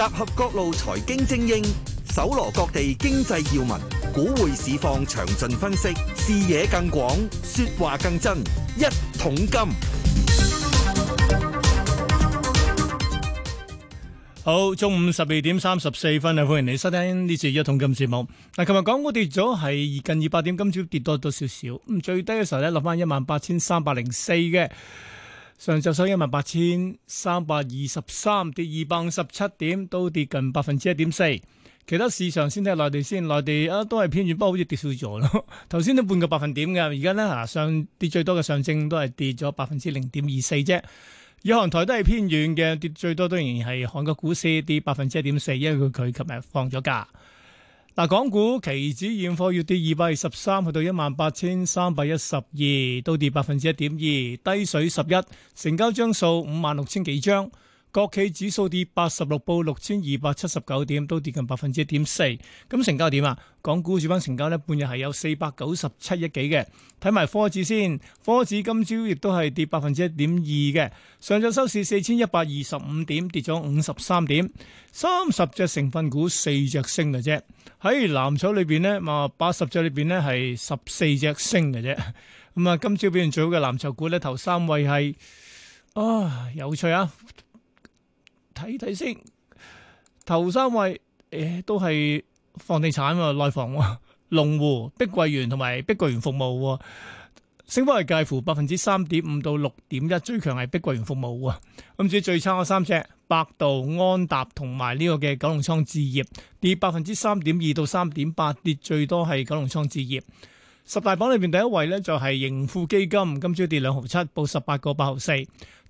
集合各路財經精英，搜羅各地經濟要聞，股匯市況詳盡分析，視野更廣，說話更真。一桶金，好，中午十二點三十四分啊，歡迎你收聽呢次一桶金節目。嗱，琴日港股跌咗係近二百點，今朝跌多咗少少，咁最低嘅時候咧落翻一萬八千三百零四嘅。上晝收一萬八千三百二十三，跌二百五十七點，都跌近百分之一點四。其他市場先睇內地先，內地啊都係偏遠，不過好似跌少咗咯。頭先都半個百分點嘅，而家咧啊上跌最多嘅上證都係跌咗百分之零點二四啫。一韓台都係偏遠嘅，跌最多當然係韓國股市跌百分之一點四，因為佢佢琴日放咗假。嗱，港股期指現貨要跌二百二十三，去到一萬八千三百一十二，都跌百分之一點二，低水十一，成交張數五萬六千幾張。國企指數跌八十六，報六千二百七十九點，都跌近百分之一點四。咁成交點啊？港股主板成交呢半日係有四百九十七億幾嘅。睇埋科指先，科指今朝亦都係跌百分之一點二嘅，上晝收市四千一百二十五點，跌咗五十三點。三十隻成分股，四隻升嘅啫。喺藍籌裏邊呢，嘛八十隻裏邊呢係十四隻升嘅啫。咁啊，今朝表現最好嘅藍籌股呢，頭三位係啊，有趣啊！睇睇先，頭三位誒都係房地產啊，內房喎，龍湖、碧桂園同埋碧桂園服務，升幅係介乎百分之三點五到六點一，最強係碧桂園服務啊。咁至於最差嗰三隻，百度、安踏同埋呢個嘅九龍倉置業，跌百分之三點二到三點八，跌最多係九龍倉置業。十大榜裏邊第一位咧就係盈富基金，今朝跌兩毫七，報十八個八毫四。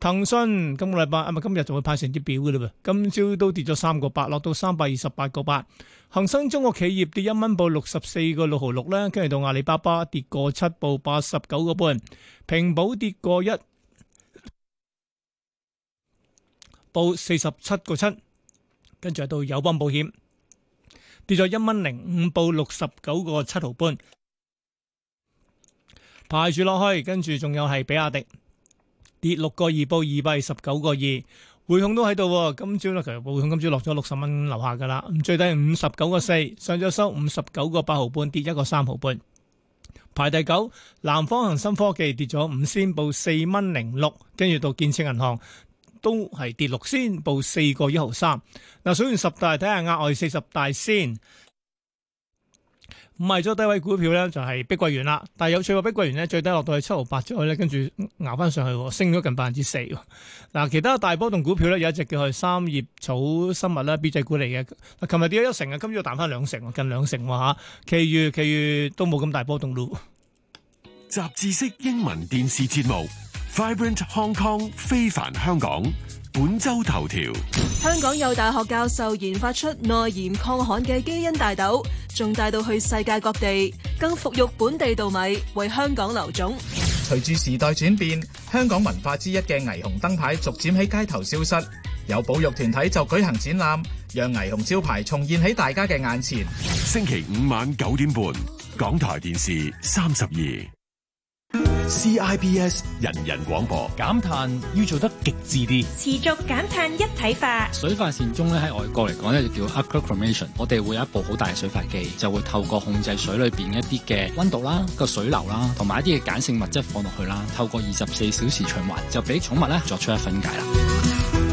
騰訊今個禮拜啊，咪今日就會派成績表嘅啦噃，今朝都跌咗三個八，落到三百二十八個八。恒生中國企業跌一蚊，報六十四個六毫六啦。跟住到阿里巴巴跌個七，報八十九個半。平保跌個一，報四十七個七。跟住到友邦保險跌咗一蚊零五，報六十九個七毫半。排住落去，跟住仲有係比亞迪跌六個二，報二百二十九個二。匯控都喺度，今朝咧其實匯控今朝落咗六十蚊樓下噶啦，咁最低五十九個四，上咗收五十九個八毫半，跌一個三毫半。排第九，南方恒生科技跌咗五仙，報四蚊零六，跟住到建設銀行都係跌六仙，報四個一毫三。嗱，數完十大，睇下額外四十大先。唔係咗低位股票咧，就係、是、碧桂園啦。但係有趣嘅碧桂園咧，最低落到去七毫八咗咧，跟住捱翻上去，升咗近百分之四。嗱、啊，其他大波動股票咧，有一隻叫係三葉草生物啦 B 制股嚟嘅。嗱、啊，琴日跌咗一成啊，今日彈翻兩成，近兩成喎嚇、啊。其餘其餘都冇咁大波動咯。雜誌式英文電視節目《Vibrant Hong Kong》非凡香港。本周頭條：香港有大學教授研發出耐鹽抗旱嘅基因大豆，仲帶到去世界各地，更培育本地稻米為香港留種。隨住時代轉變，香港文化之一嘅霓虹燈牌逐漸喺街頭消失，有保育團體就舉行展覽，讓霓虹招牌重現喺大家嘅眼前。星期五晚九點半，港台電視三十二。CIBS 人人廣播，減碳要做得極致啲，持續減碳一體化。水化葬中咧喺外國嚟講咧就叫 aqua cremation，我哋會有一部好大嘅水化機，就會透過控制水裏邊一啲嘅温度啦、個水流啦，同埋一啲嘅鹼性物質放落去啦，透過二十四小時循環，就俾寵物咧作出一分解啦。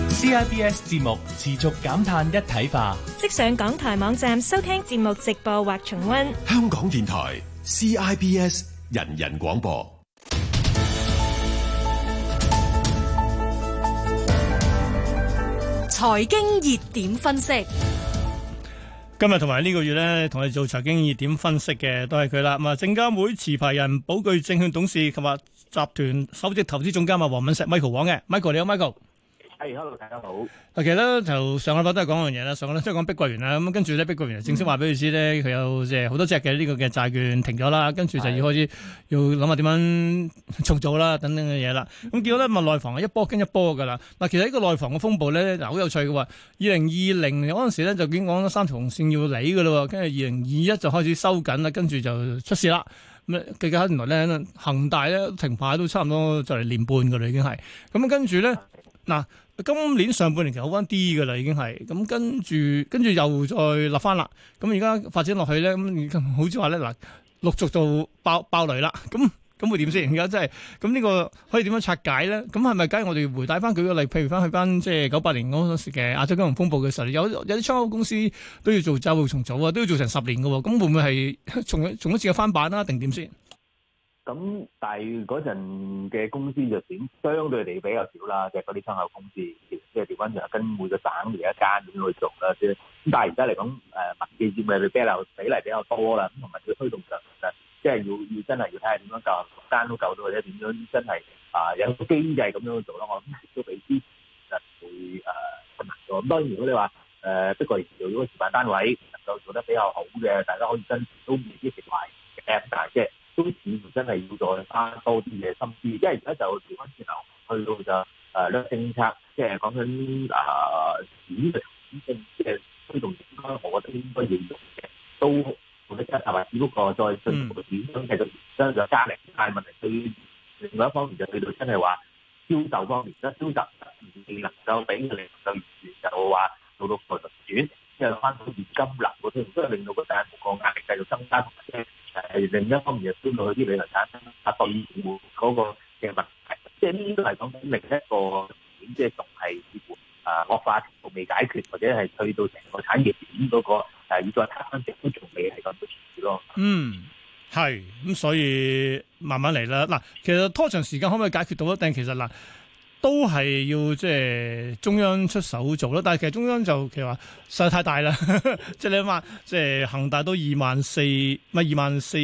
CIBS 節目持續減碳一體化，即上港台網站收聽節目直播或重温。香港電台 CIBS。C I B S 人人廣播財經熱點分析，今日同埋呢個月呢，同你做財經熱點分析嘅都係佢啦。咁啊，證監會持牌人寶鉅證券董事同埋集團首席投資總監啊，黃敏碩 Michael 黃嘅 Michael 你好，Michael。Hello, 大家好。其實咧，就上個禮拜都係講一樣嘢啦。上個禮拜都講碧桂園啦，咁跟住咧碧桂園正式話俾你知咧，佢、嗯、有即係好多隻嘅呢個嘅債券停咗啦，跟住就要開始要諗下點樣重組啦，等等嘅嘢啦。咁、嗯、結果咧，咪內房係一波跟一波㗎啦。嗱，其實呢個內房嘅風暴咧係好有趣嘅喎。二零二零年嗰陣時咧就已經講咗三條線要理㗎啦，跟住二零二一就開始收緊啦，跟住就出事啦。咁計較，原來咧恒大咧停牌都差唔多就嚟年半㗎啦，已經係。咁跟住咧嗱。今年上半年就好翻啲噶啦，已經係咁跟住跟住又再立翻啦。咁而家發展落去咧，咁好似話咧嗱，陸續就爆爆雷啦。咁咁會點先？而家真係咁呢個可以點樣拆解咧？咁係咪？梗係我哋回帶翻舉個例，譬如翻去翻即係九八年嗰時嘅亞洲金融風暴嘅時候，有有啲窗口公司都要做債務重組啊，都要做成十年噶。咁會唔會係重重一次嘅翻版啦、啊？定點先？咁但係嗰陣嘅公司就點相對嚟比較少啦，即係嗰啲窗口公司，其實即係調翻轉，跟每個省嚟一間咁去做啦先。咁但係而家嚟講，誒民營業嘅佢比較比例比較多啦，咁同埋佢推動上其實即係要要真係要睇下點樣夠單都夠到，或者點樣真係啊有機制咁樣去做咯。我諗都未知，其實會誒困難咗。當然如果你話誒不過嚟做咗示範單位能夠做得比較好嘅，大家可以真都未必食埋 Apps 嘅。都似乎真係要再花多啲嘅心思，因為而家就調翻轉頭去到就誒呢個政策，即係講緊誒短嘅，即係推動應該，我覺得應該要用嘅，都冇得加，係話只不過再進一步嘅短，其實相對加力，但係問題對另外一方面就去到真係話銷售方面，即係銷售唔能夠俾佢哋能夠完成就話做到負成長，即係翻到現金流嘅，所以令到個債務個壓力繼續增加。係另一方面，又搬到去啲旅遊產，嚇對住嗰個問題，即係呢啲都係講緊另一個點，即係仲係誒惡化程度未解決，或者係去到成個產業鏈嗰個誒預計產分值都仲未係咁多處咯。嗯，係咁，所以慢慢嚟啦。嗱，其實拖長時間可唔可以解決到啊？一定其實啦。都係要即係、就是、中央出手做啦，但係其實中央就其實話實在太大啦，即、 就是、你諗下，即係恒大都二萬四，咪二萬四，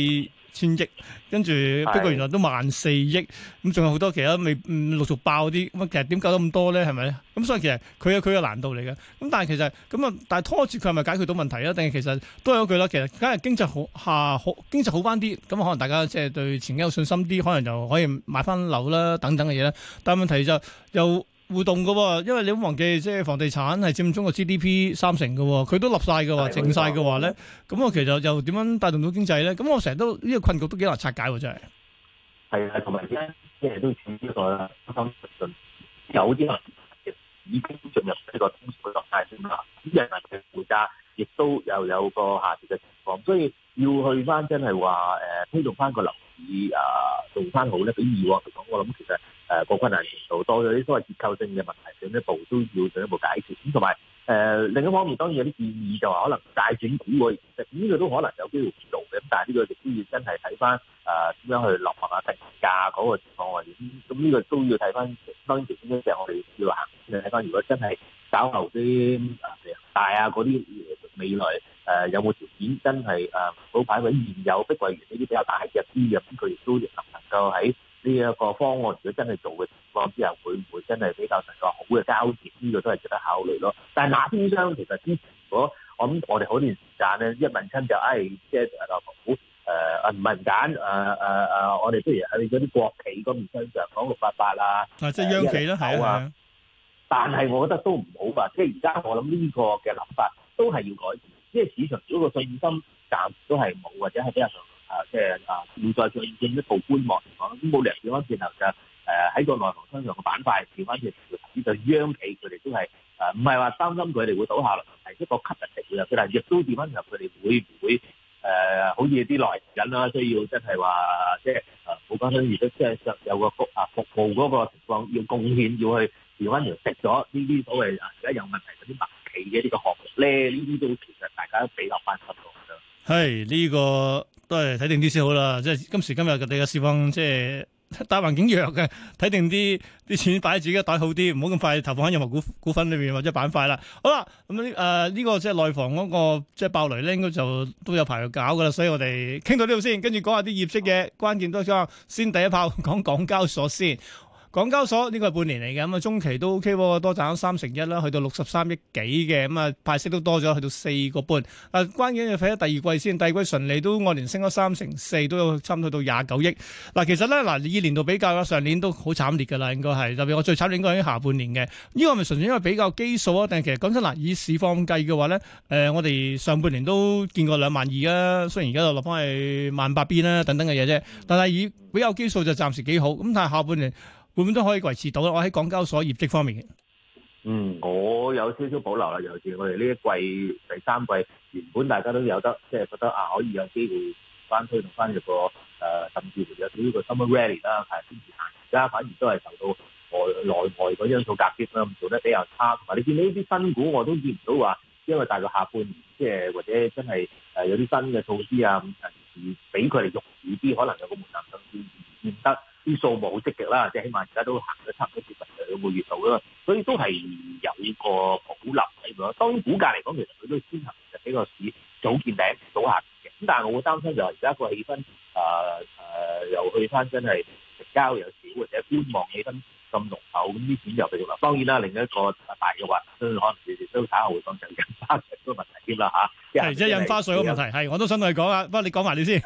千億，跟住不過原來都萬四億，咁、嗯、仲有好多其他未、嗯、陸續爆啲，咁、嗯、其實點搞到咁多咧？係咪？咁、嗯、所以其實佢有佢嘅難度嚟嘅。咁、嗯、但係其實咁啊、嗯，但係拖住佢係咪解決到問題啊？定係其實都係句啦。其實梗係經濟好下好，經濟好翻啲，咁、嗯、可能大家即係對前景有信心啲，可能就可以買翻樓啦等等嘅嘢啦。但係問題就又。互動嘅喎，因為你都忘記，即係房地產係佔中國 GDP 三成嘅喎，佢都立晒嘅話，淨晒嘅話咧，咁、嗯、我其實又點樣帶動到經濟咧？咁我成日都呢、呢個困局都幾難拆解喎、啊，真係。係啊，同埋咧，即係都轉呢個信心有啲啊已經進入呢個通縮態勢啦。啲人民嘅負債亦都又有個下跌嘅情況，所以要去翻真係話誒推動翻個樓市啊，做翻好咧，比較易喎。嗯、其實我諗其實。誒個困難程度，多咗啲所謂結構性嘅問題，進一步都要進一步解決。咁同埋誒另一方面，當然有啲建議就話可能債轉股嘅形式，咁呢個都可能有機會做嘅。咁但係呢個亦都要真係睇翻誒點樣去落實啊定價嗰個情況或者咁，呢個都要睇翻。當然，最重要就係我哋要行，要睇翻如果真係找留啲大啊嗰啲未來誒有冇條件真係誒股價位現有碧桂園呢啲比較大嘅公司入邊，佢亦都能夠喺。呢一個方案，如果真係做嘅情況之下，會唔會真係比較能夠好嘅交接？呢個都係值得考慮咯。但係那邊廂其實之前，如果我諗我哋好段時間咧，一問親就誒即係啊好誒啊唔係唔揀誒誒誒，我哋不如喺嗰啲國企嗰邊身上講六八八啊，即係央企啦，係啊。但係我覺得都唔好嘛，即係而家我諗呢個嘅諗法都係要改善，因為市場嗰個信心暫時都係冇或者係比較。啊，即係啊，現在再進一步觀望嚟講，都冇人調翻轉頭嘅。誒，喺個內房商場嘅板塊調翻轉頭，呢就央企佢哋都係啊，唔係話擔心佢哋會倒下嚟，係一個吸引力㗎。佢哋亦都調翻轉頭，佢哋會唔會誒？好似啲內人啦，需要真係話即係啊，冇講聲業績，即係有個服啊服務嗰個情況，要貢獻，要去調翻轉跌咗呢啲所謂而家有問題嗰啲民企嘅呢個項目咧，呢啲都其實大家都比較翻得到嘅。係呢個。都係睇定啲先好啦，即係今時今日嘅地嘅市況，即係大環境弱嘅，睇定啲啲錢擺喺自己嘅袋好啲，唔好咁快投放喺任何股股份裏面或者板塊啦。好啦，咁啊呢個即係內房嗰個即係爆雷咧，應該就都有排搞噶啦。所以我哋傾到呢度先，跟住講下啲業績嘅關鍵都想先第一炮講港交所先。港交所呢、這個係半年嚟嘅，咁啊中期都 O K 喎，多賺咗三成一啦，去到六十三億幾嘅，咁啊派息都多咗，去到四個半。嗱，關鍵你睇下第二季先，第二季純利都按年升咗三成四，都有差唔多到廿九億。嗱其實咧，嗱以年度比較啦，上年都好慘烈㗎啦，應該係特別我最慘烈應該喺下半年嘅。呢個係咪純粹因為比較基數啊？但係其實講真嗱，以市況計嘅話咧，誒、呃、我哋上半年都見過兩萬二啦，雖然而家就落翻係萬八邊啦等等嘅嘢啫。但係以比較基數就暫時幾好。咁但係下半年，咁都可以維持到啦！我喺港交所業績方面嘅，嗯，我有少少保留啦。尤其是我哋呢一季第三季，原本大家都有得，即係覺得啊，可以有機會翻推同翻入個誒，甚至乎有少少個 summer rally 啦，係堅持行。而家反而都係受到內內外嗰因素壓逼啦，做得比較差。同埋你見到呢啲新股，我都見唔到話，因為大概下半年，即係或者真係誒有啲新嘅措施啊，咁甚至俾佢哋容易啲，可能有個門檻，甚至唔得。啲數目好積極啦，即係起碼而家都行咗差唔多接近兩個月度啦，所以都係有呢個顧慮喺度咯。當然股價嚟講，其實佢都先行嘅，呢個市早見頂早行嘅。咁但係我會擔心就係而家個氣氛，誒誒，又去翻真係成交又少，或者觀望氣氛咁濃厚，咁啲錢又繼續。當然啦，另一個大嘅話都可能亦都打後會更進一步嘅問題添啦嚇。係即係印花稅嘅問題，係我都想同你講啊，不過你講埋你先。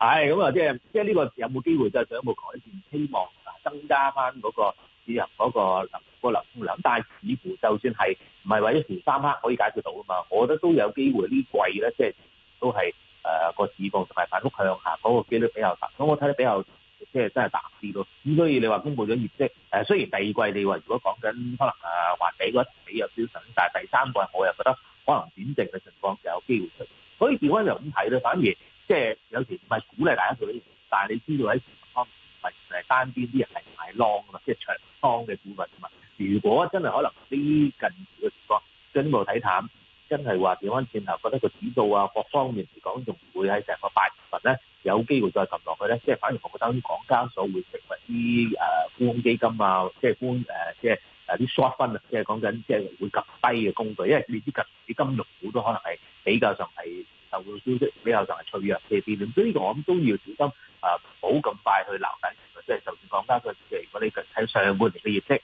係咁啊！即係即係呢個有冇機會就想有冇改善？希望增加翻嗰、那個市場嗰個流嗰個流通量。但係似乎就算係唔係話一時三刻可以解決到啊嘛，我覺得都有機會季呢季咧，即、就、係、是、都係誒個市況同埋反覆向下嗰、那個機率比較大。咁我睇得比較即係、就是、真係大啲咯。咁所以你話公布咗業績，誒雖然第二季你話如果講緊可能誒環比嗰啲比較少少，但係第三季我又覺得可能轉正嘅情況就有機會出現。所以調翻嚟咁睇咧，反而。即係有時唔係鼓勵大家做，但係你知道喺某方唔係係單邊啲人係買 long，㗎嘛，即係長莊嘅股份㗎嘛。如果真係可能呢近期嘅情況，跟住冇睇淡，真係話調翻轉頭，覺得個指數啊各方面嚟講，仲會喺成個八月份咧有機會再撳落去咧，即係反而我覺得啲港交所會成為啲誒基金啊，即係觀誒即係誒啲 short 分啊，即係講緊即係會夾低嘅工具，因為你知近啲金融股都可能係比較上係。就會消出比較就係脆弱啲啲，咁所以呢個我諗都要小心，啊， 唔好咁快去留底，即係就算講翻個，如果你睇上半年嘅業績，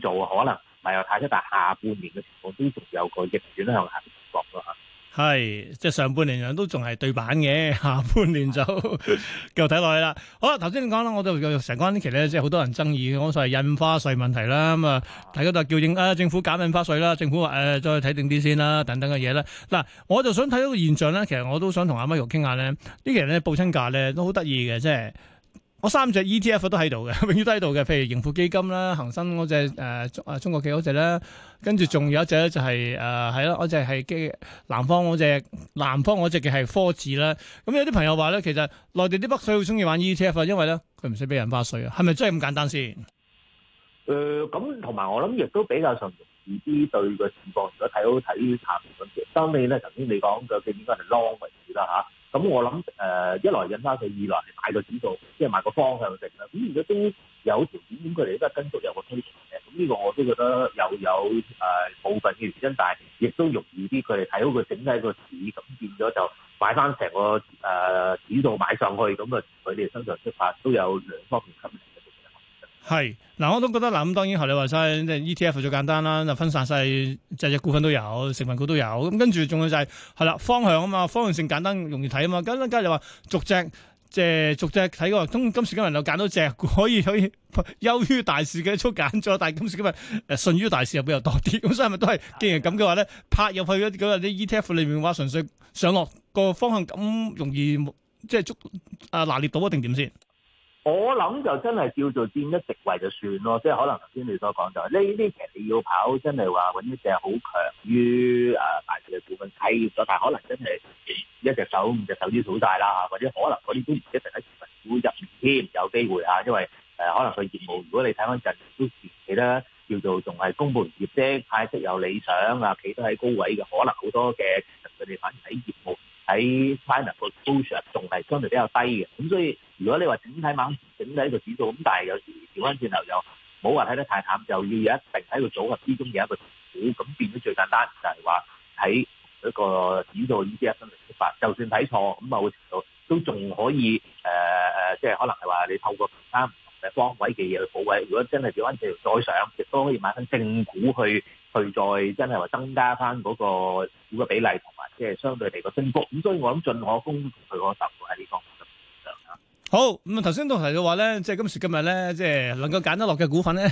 叫做可能唔係又太出，但係下半年嘅情況都仲有佢逆轉向下嘅情況咯。係，即係上半年都仲係對版嘅，下半年就繼 續睇落去啦。好啦，頭先你講啦。我就又成關呢期咧，即係好多人爭議嘅，講晒印花稅問題啦。咁啊，大家都叫政啊，政府減印花稅啦。政府話誒、呃，再睇定啲先啦，啊，等等嘅嘢啦。嗱，我就想睇到個現象咧，其實我想談談都想同阿威玉傾下咧，呢期人咧報親價咧都好得意嘅，即係。我三隻 ETF 都喺度嘅，永遠都喺度嘅。譬如盈富基金啦、恒生嗰隻誒誒中國嘅嗰隻啦，跟住仲有一隻就係誒係咯，我只係基南方嗰隻，南方嗰隻嘅係科指啦。咁有啲朋友話咧，其實內地啲北水好中意玩 ETF 啊，因為咧佢唔使俾印花稅啊。係咪真係咁簡單先？誒、呃，咁同埋我諗亦都比較上容易啲對個情況，如果睇好睇淡嗰啲。當然咧，頭先你講究竟應該係 long 為主啦吓。啊咁、嗯、我諗誒、呃、一來引翻佢，二來買個指數，即、就、係、是、買個方向性啦。咁而家都有條件，咁佢哋都係跟足有個推前嘅。咁、嗯、呢、這個我都覺得又有誒部、呃、分嘅原因，但係亦都容易啲，佢哋睇到佢整體個市，咁變咗就買翻成個誒、呃、指數買上去，咁啊佢哋身上出發都有兩方面吸引。係嗱，我都覺得嗱，咁當然係你話晒即係 ETF 最簡單啦，就分散晒隻隻股份都有，成份股都有。咁跟住仲有就係係啦方向啊嘛，方向性簡單容易睇啊嘛。咁咧家又話逐隻即係逐隻睇個，今時今日又揀到隻可以可以優 於大市嘅，都揀咗。但係今時今日誒順於大市又比較多啲。咁 所以咪都係既然咁嘅話咧，拍入去嗰啲 ETF 裏面話純粹上落個方向咁容易，即係捉啊拿捏到一定點先？我諗就真係叫做佔一席位就算咯，即係可能頭先你所講就係呢啲，其實你要跑，真係話揾一隻好強於誒大市嘅股份企業咗，但係可能真係一隻手五隻手指數曬啦嚇，或者可能嗰啲都唔一定喺成分股入面添，有機會嚇、啊，因為誒、啊、可能佢業務，如果你睇翻近期都企得叫做仲係公布完業績，派息有理想啊，企得喺高位嘅，可能好多嘅佢哋反而喺業務。喺 headline 個數上仲係相對比較低嘅，咁所以如果你話整體猛整體一個指數，咁但係有時調翻轉頭又冇話睇得太淡，就要有一定喺個組合之中嘅一個股，咁變咗最簡單就係話喺一個指數依啲一分零分法，就算睇錯咁啊，會程度都仲可以誒誒，即係可能係話你透過平山。方位嘅嘢去補位，如果真係走翻條再上亦都可以買翻正股去，去再真係話增加翻嗰個股嘅比例同埋，即係相對嚟個升幅。咁所以我諗盡我功同佢個十喎喺呢方。 好咁啊！頭先都提到話咧，即係今時今日咧，即係能夠揀得落嘅股份咧，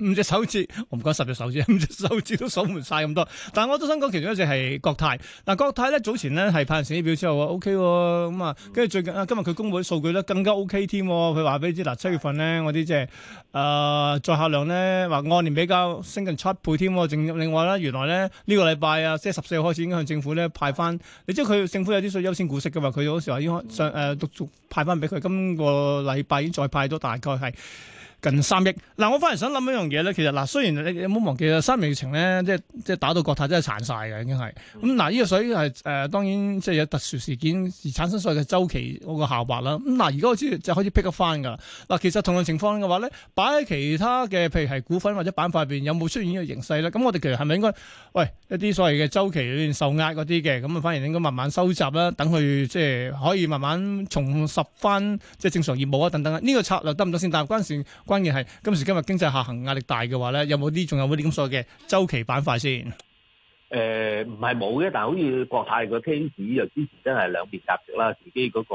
五隻手指，我唔講十隻手指，五隻手指都數唔晒咁多。但係我都想講其中一隻係國泰嗱、啊，國泰咧早前咧係派完成績表之後，O K 咁啊，跟住、OK 哦嗯、最近啊，今日佢公布啲數據咧更加 O K 添。佢話俾你知嗱、啊，七月份咧嗰啲即係誒載客量咧，話按年比較升近七倍添。另外咧，原來咧呢、這個禮拜啊，即係十四號開始已經向政府咧派翻，你知佢政府有啲所謂優先股息嘅嘛？佢有時話應該上誒陸續派翻俾佢。今今個禮拜已經再派咗，大概係。近三億嗱、er.，我反而想諗一樣嘢咧。其實嗱，雖然你你唔好忘記啦，Yeah. 三月疫情咧，即係即係打到國泰真係殘晒嘅，已經係咁嗱。呢、啊這個水係誒、呃，當然即係有特殊事件而產生所謂嘅週期嗰個下滑啦。咁、啊、嗱，而家我知就開始 pick up 翻㗎。嗱，其實同樣情況嘅話咧，擺喺其他嘅譬如係股份或者板塊入邊，有冇出現呢個形勢咧？咁我哋其實係咪應該喂一啲所謂嘅週期裏面受壓嗰啲嘅，咁啊反而應該慢慢收集啦，等佢即係可以慢慢重拾翻即係正常業務啊，等等啊。呢、這個策略得唔得先？但係關鍵。關鍵係今時今日經濟下行壓力大嘅話咧，有冇啲仲有冇啲咁所謂嘅周期板塊先？誒唔係冇嘅，但係好似國泰個 case 就之前真係兩面夾擊啦，自己嗰個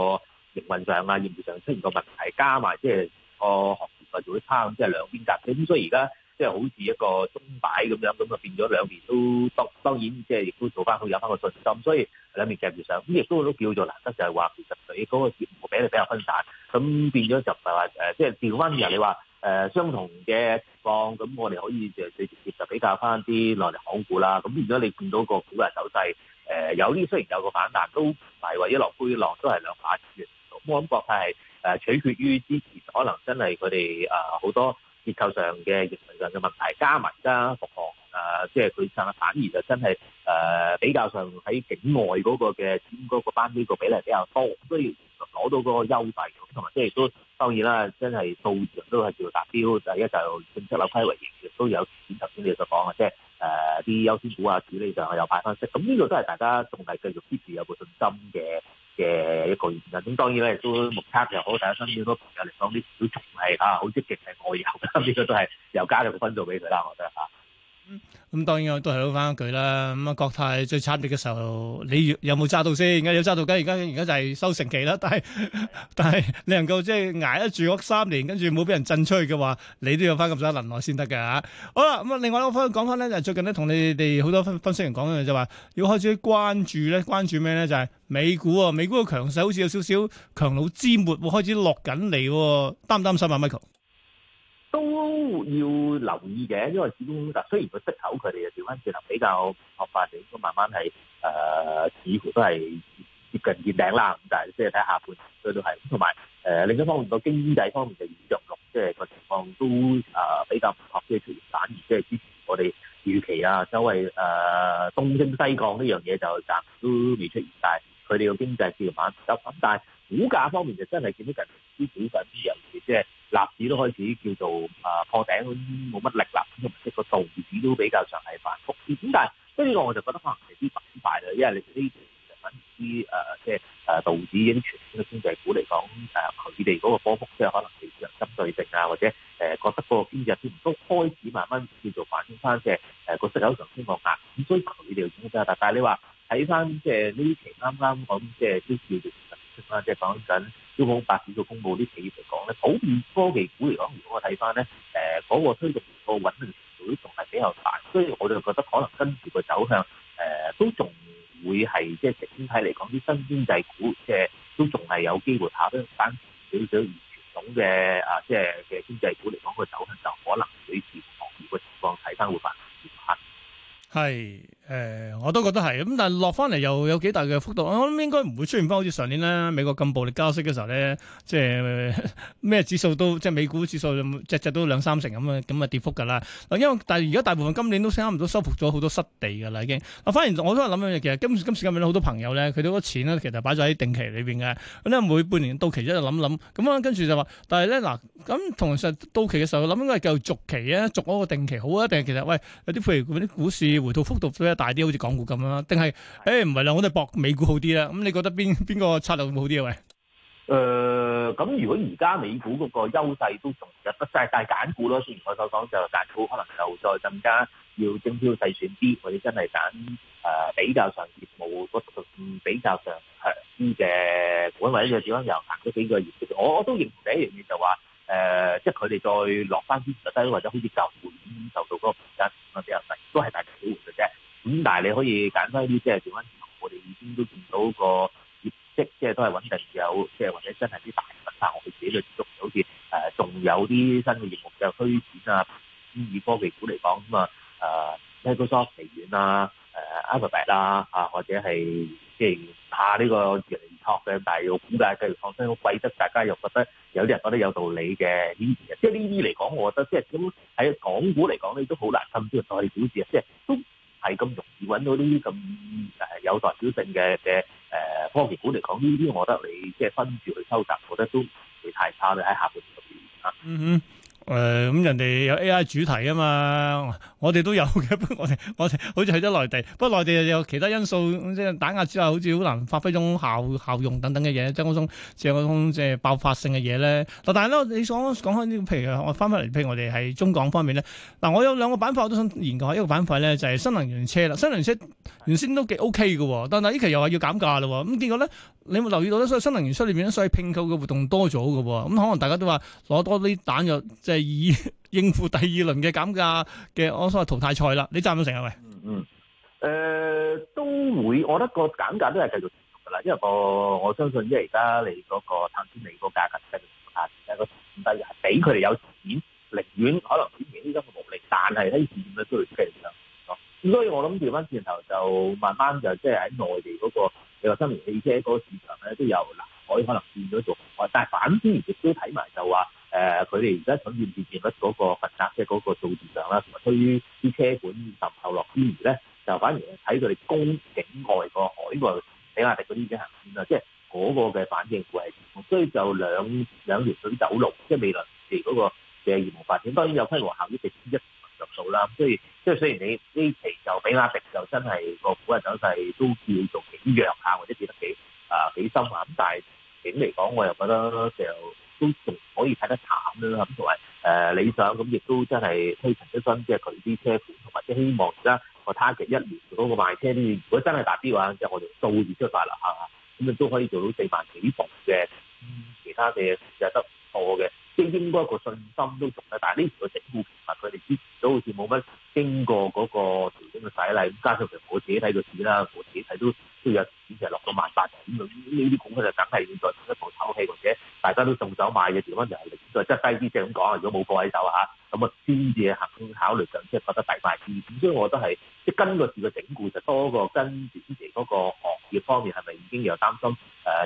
營運上、啊業務上出現個問題，加埋即係個行業份就會、是哦、差咁，即、就、係、是、兩邊夾擊。咁所以而家即係好似一個鐘擺咁樣，咁啊變咗兩邊都當當然即係亦都做翻好，有翻個信心。所以兩面夾住上咁亦都都叫做難得，就係、是、話其實你嗰個業務俾你比較分散，咁變咗就唔係話誒，即、呃、係、就是、調翻嘅你話。誒相同嘅情況，咁我哋可以就直接就比較翻啲內地航空股啦。咁而家你見到個股價走勢，誒、呃、有啲雖然有個反彈，都唔係話一落灰落，都係兩反轉。我諗國泰係誒取決於之前可能真係佢哋誒好多結構上嘅、疫情上嘅問題加埋啦，復航。誒、呃，即係佢上反而就真係誒、呃、比較上喺境外嗰個嘅嗰個班呢個比例比較多，所以攞到嗰個優勢，同埋即係都當然啦，真係數量都係叫達標。第一就政策樓批為型嘅都有，頭先你所講嘅，即係誒啲優先股啊、股呢就有派翻息。咁呢個都係大家仲係繼續支持有個信心嘅嘅一個原因。咁、嗯、當然咧，都目測又好，大家身邊好多朋友嚟講，啲都仲係啊，好積極嘅外遊啦，呢個都係又加咗個分數俾佢啦，我覺得嚇。啊。咁當然我都係講翻一句啦。咁啊，國泰最慘烈嘅時候，你有冇揸到先？而家有揸到緊，而家而家就係收成期啦。但係但係，你能夠即係捱得住嗰三年，跟住冇俾人震出去嘅話，你都要翻咁多能耐先得㗎。好啦，咁啊，另外我翻去講翻咧，就最近咧同你哋好多分分析人講嘅就話，要開始關注咧，關注咩咧？就係、是、美股啊！美股嘅強勢好似有少少強弩之末，開始落緊嚟，擔唔擔心啊，Michael？都要留意嘅，因為始終嗱，雖然個息口佢哋又調翻轉嚟比較合塊，就應該慢慢係誒似乎都係接近見頂啦。咁但係即係睇下下半年都都係，同埋誒另一方面個經濟方面嘅弱落，即係個情況都誒比較唔合，即係出現反，而即係之前我哋預期啊，所謂誒東升西降呢樣嘢就暫時都未出現，但係佢哋個經濟似乎反不及。咁但係股價方面就真係見到近期啲股份啲有嘅即係。納指都開始叫做啊破頂，嗰啲冇乜力啦，咁即個道指都比較上係反覆，咁但係呢個我就覺得可能係啲板塊啦，因為你呢段日子誒即係誒道指已經、呃呃、全體嘅經濟股嚟講誒佢哋嗰個波幅即係可能係相針對性啊，或者誒、呃、覺得個經濟都開始慢慢叫做反映翻嘅誒個息口上邊個壓，咁所以佢哋會增加，但係你話睇翻即係呢期啱啱講即係、就是、都叫做特色啦，即係講緊。招股發票嘅公告，啲企業嚟講咧，普遍科技股嚟講，如果我睇翻咧，誒嗰個推動力個穩定程度咧，仲係比較難，所以我哋就覺得可能跟住個走向，誒都仲會係即係整體嚟講，啲新經濟股即係都仲係有機會跑得翻少少，而傳統嘅啊即係嘅經濟股嚟講，個走向就可能會持平嘅情況，睇翻會發生嘅嚇。係。誒、欸，我都覺得係咁，但係落翻嚟又有幾大嘅幅度，我諗應該唔會出現翻好似上年咧美國咁暴力加息嘅時候咧，即係咩、呃、指數都即係美股指數，隻隻都兩三成咁啊，咁啊跌幅㗎啦。嗱，因為但係而家大部分今年都差唔多收復咗好多失地㗎啦，已經。啊，反而我都諗緊嘢，其實今今時今日好多朋友咧，佢啲錢咧其實擺咗喺定期裏邊嘅，咁咧每半年到期咗就諗諗，咁、嗯、啊跟住就話，但係咧嗱，咁同時到期嘅時候諗應該係繼續續期啊，續嗰個定期好啊，定係其實喂有啲譬如啲股市回吐幅度大啲好似港股咁啦，定係誒唔係啦？我哋搏美股好啲啦。咁、嗯、你覺得邊邊個策略會好啲啊？喂、呃，誒咁如果而家美股嗰個優勢都仲有得晒，但係揀股咯，雖然我所講就揀股可能就再更加要精挑細選啲，或者真係揀誒比較上業務度比較上強啲嘅股，或者就點樣又行咗幾個月。我我都認同第一樣嘢就話誒、呃，即係佢哋再落翻啲實質，或者好似救盤咁受到嗰個競爭比較細，都係大家保護嘅啫。咁但係你可以簡單啲，即係點樣？我哋已經都見到個業績，即係都係穩定有，即係或者真係啲大品牌、啊，我哋自己都接觸。好似誒，仲、呃、有啲新嘅業務就推展啊。以科技股嚟講咁啊，誒 Microsoft 微軟啊，誒 Alphabet 啊，啊，啊，啊或者係即係怕呢個越落嘅，但係要估計，例如放新好貴得，大家又覺得有啲人覺得有道理嘅呢啲即係呢啲嚟講，我覺得即係咁喺港股嚟講咧，都好難，甚至係內地股市啊，即係都。係咁容易揾到啲咁誒有代表性嘅嘅誒科技股嚟講，呢啲我覺得你即係分住去收集，覺得都唔會太差。你喺下半年啊。嗯哼。誒咁、呃、人哋有 AI 主題啊嘛，我哋都有嘅。不過我哋我哋好似去咗內地，不過內地又有其他因素，即係打壓之下，好似好難發揮種效效用等等嘅嘢，即係嗰種即係嗰種即係爆發性嘅嘢咧。嗱，但係咧，你所講開呢，譬如我翻返嚟，譬如我哋係中港方面咧，嗱，我有兩個板塊我都想研究下。一個板塊咧就係新能源車啦，新能源車原先都幾 OK 嘅，但係呢期又話要減價啦。咁結果咧？你有留意到咧？所以新能源出裏邊咧，所以拼購嘅活動多咗嘅，啊，咁可能大家都話攞多啲彈藥，即、就、係、是、以應付第二輪嘅減價嘅，我所謂淘汰賽啦。你贊唔贊成啊？咪、嗯？嗯，誒、呃，都會，我覺得個減價都係繼續嘅啦，因為個我，我相信即係而家你嗰、那個碳纖維個價格繼續下跌，一個咁低嘅，俾佢哋有錢，寧願可能短期呢啲冇利，但係喺市面嘅交易中嘅上，咁、嗯嗯嗯嗯嗯嗯嗯嗯、所以我諗調翻轉頭就慢慢就即係喺內地。你話新能源汽車嗰個市場咧，都有南海可能變咗做，但係反之，亦都睇埋就話誒，佢哋而家想變唔變咗嗰個份額，即係嗰個數字上啦，同埋對於啲車款滲透率，不如咧就反而睇佢哋供境外個海外比亞迪嗰啲已經係點啦？即係嗰個嘅反應會係唔同，所以就兩兩條水走路，即係未來佢嗰個嘅業務發展，當然有規模效益嘅。啦，即係即係，雖然你呢期就比亞迪就真係個股嘅走勢都叫做幾弱下，或者跌得幾啊幾深啊，咁但係點嚟講，我又覺得就都仲可以睇得慘啦。咁同埋誒理想咁，亦都真係推陳出新，即係佢啲車款同埋啲希望啦。而家個 target 一年嗰個賣車啲，如果真係大啲嘅話，即係我哋數字出發啦嚇，咁你都可以做到四萬幾部嘅其他嘅，又得唔錯嘅，即係應該個信心都足啦。但係呢期嘅整盤。佢哋之前都好似冇乜經過嗰個調整嘅洗禮，咁加上譬如我自己睇個市啦，我自己睇都都有短期落到萬八嘅，咁呢啲股就梗係要再進一步唞氣或者大家都送手買嘅，調翻就係再即係低啲，即係咁講。如果冇高位走嚇，咁啊先至係考慮上即係覺得抵買啲。咁所以我覺得係即係跟個市嘅整固，就多過跟住之前嗰個行業方面係咪已經有擔心誒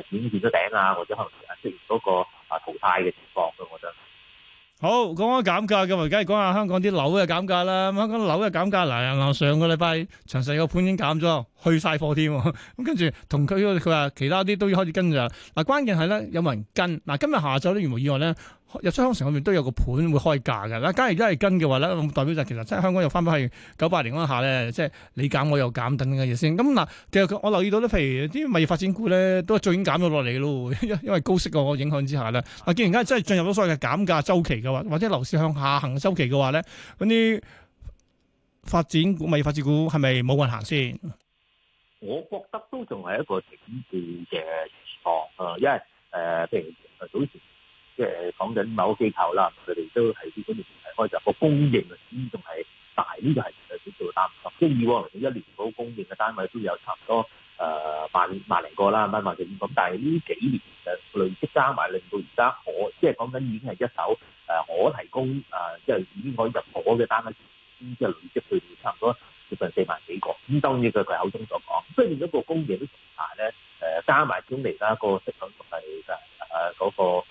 軟跌咗頂啊，或者可能出現嗰個啊淘汰嘅情況咯。好，講開減價嘅，咪梗係講下香港啲樓嘅減價啦。香港樓嘅減價，嗱嗱上個禮拜長實個盤已經減咗，去晒貨添。咁跟住同佢佢話其他啲都要開始跟著。嗱，關鍵係咧有冇人跟。嗱，今日下晝咧，如無意外咧。日出康城裏面都有個盤會開價嘅，嗱，假如真係跟嘅話咧，代表就其實即係香港又翻返去九八年嗰下咧，即係你減我又減等等嘅嘢先。咁嗱，其實我留意到咧，譬如啲物業發展股咧，都係最先減咗落嚟嘅咯，因因為高息個影響之下咧。啊，既然而家真係進入咗所謂嘅減價周期嘅話，或者樓市向下行周期嘅話咧，咁啲發展股、物業發展股係咪冇運行先？我覺得都仲係一個短期嘅情況，因為誒譬、呃、如早前即係講緊某個機構啦，佢哋都係啲嗰啲問題，開就個供應呢仲係大，呢個係有少少擔心。即係以往嚟講，一年嗰個供應嘅單位都有差唔多誒萬萬零個啦，萬萬幾咁。但係呢幾年嘅累積加埋，令到而家我即係講緊已經係一手誒，可提供誒，即係已經可以入伙嘅單位，咁即係累積去到差唔多接近四萬幾個。咁當然佢佢口中所講，雖然一個供應都大咧，誒加埋添嚟啦，個息率同埋誒嗰個。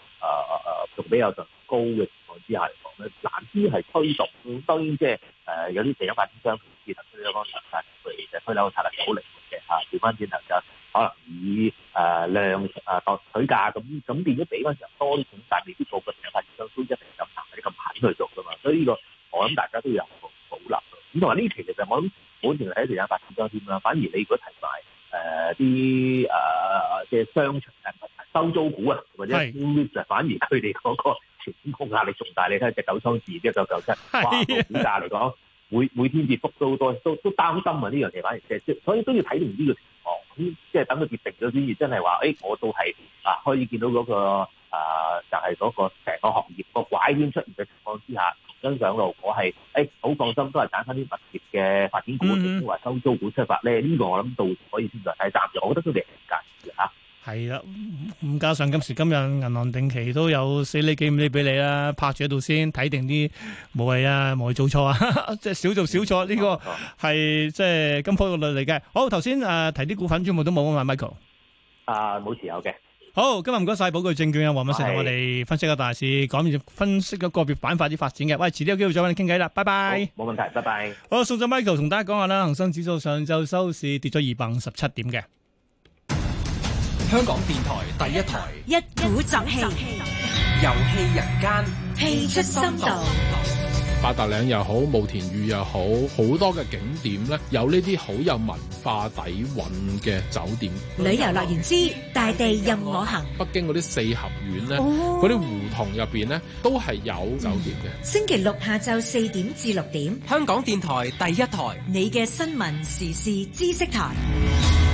仲比較就高嘅情況之下嚟講咧，難之係推售。當然即係誒有啲地產發展商佢先能推出嗰場大盤，佢其實推樓嘅策略好靈活嘅嚇。調返轉頭就可能以誒、呃、量誒當取價咁咁，變咗比嗰時候多啲錢，但係未必個個地產發展商都一定咁大或者咁狠去做噶嘛。所以呢、呢個我諗大家都有個保留。咁同埋呢期其實我諗完全係地產發展商添啦。反而你如果提賣誒啲即係商場、啊收租股啊，或者、啊、反而佢哋嗰個調控壓力重大，你睇隻九倉市，一九九七，哇，個股價嚟講，每每天跌幅都好多，都都擔心啊呢樣嘢反而即係，所以都要睇明呢個情況。咁即係等佢跌定咗先至，真係話誒，我都係啊，可以見到嗰、那個啊就係、是、嗰個成個行業、那個拐彎出現嘅情況之下，跟上路我，我係誒好放心，都係揀翻啲物業嘅發展股、嗯哼，即係話收租股出發咧，呢、這個我諗到可以先再睇，暫時我覺得都零價。係啦，咁加上今時今日銀行定期都有四厘幾五厘俾你啦，拍住喺度先睇定啲，冇謂啊，冇謂做錯啊，即係少做少錯呢、嗯這個係、嗯、即係金科玉律嚟嘅。好，頭先誒提啲股份，全部都冇買，Michael。啊，冇持有嘅。好，今日唔該晒寶貴證券嘅黃敏碩同我哋分析個大市，講完分析咗個別板塊啲發展嘅。喂，遲啲有機會再揾你傾偈啦，拜拜。冇、哦、問題，拜拜。好，送咗 Michael 同大家講下啦，恒生指數上晝收市跌咗二百五十七點嘅。香港電台第一台，一鼓作氣，遊戲人間，戲出深度。八達嶺又好，慕田峪又好，好多嘅景點咧，有呢啲好有文化底蘊嘅酒店。旅遊樂園之大地任我行。北京嗰啲四合院咧，嗰啲、哦、胡同入邊咧，都係有酒店嘅、嗯。星期六下晝四點至六點，香港電台第一台，你嘅新聞時事知識台。嗯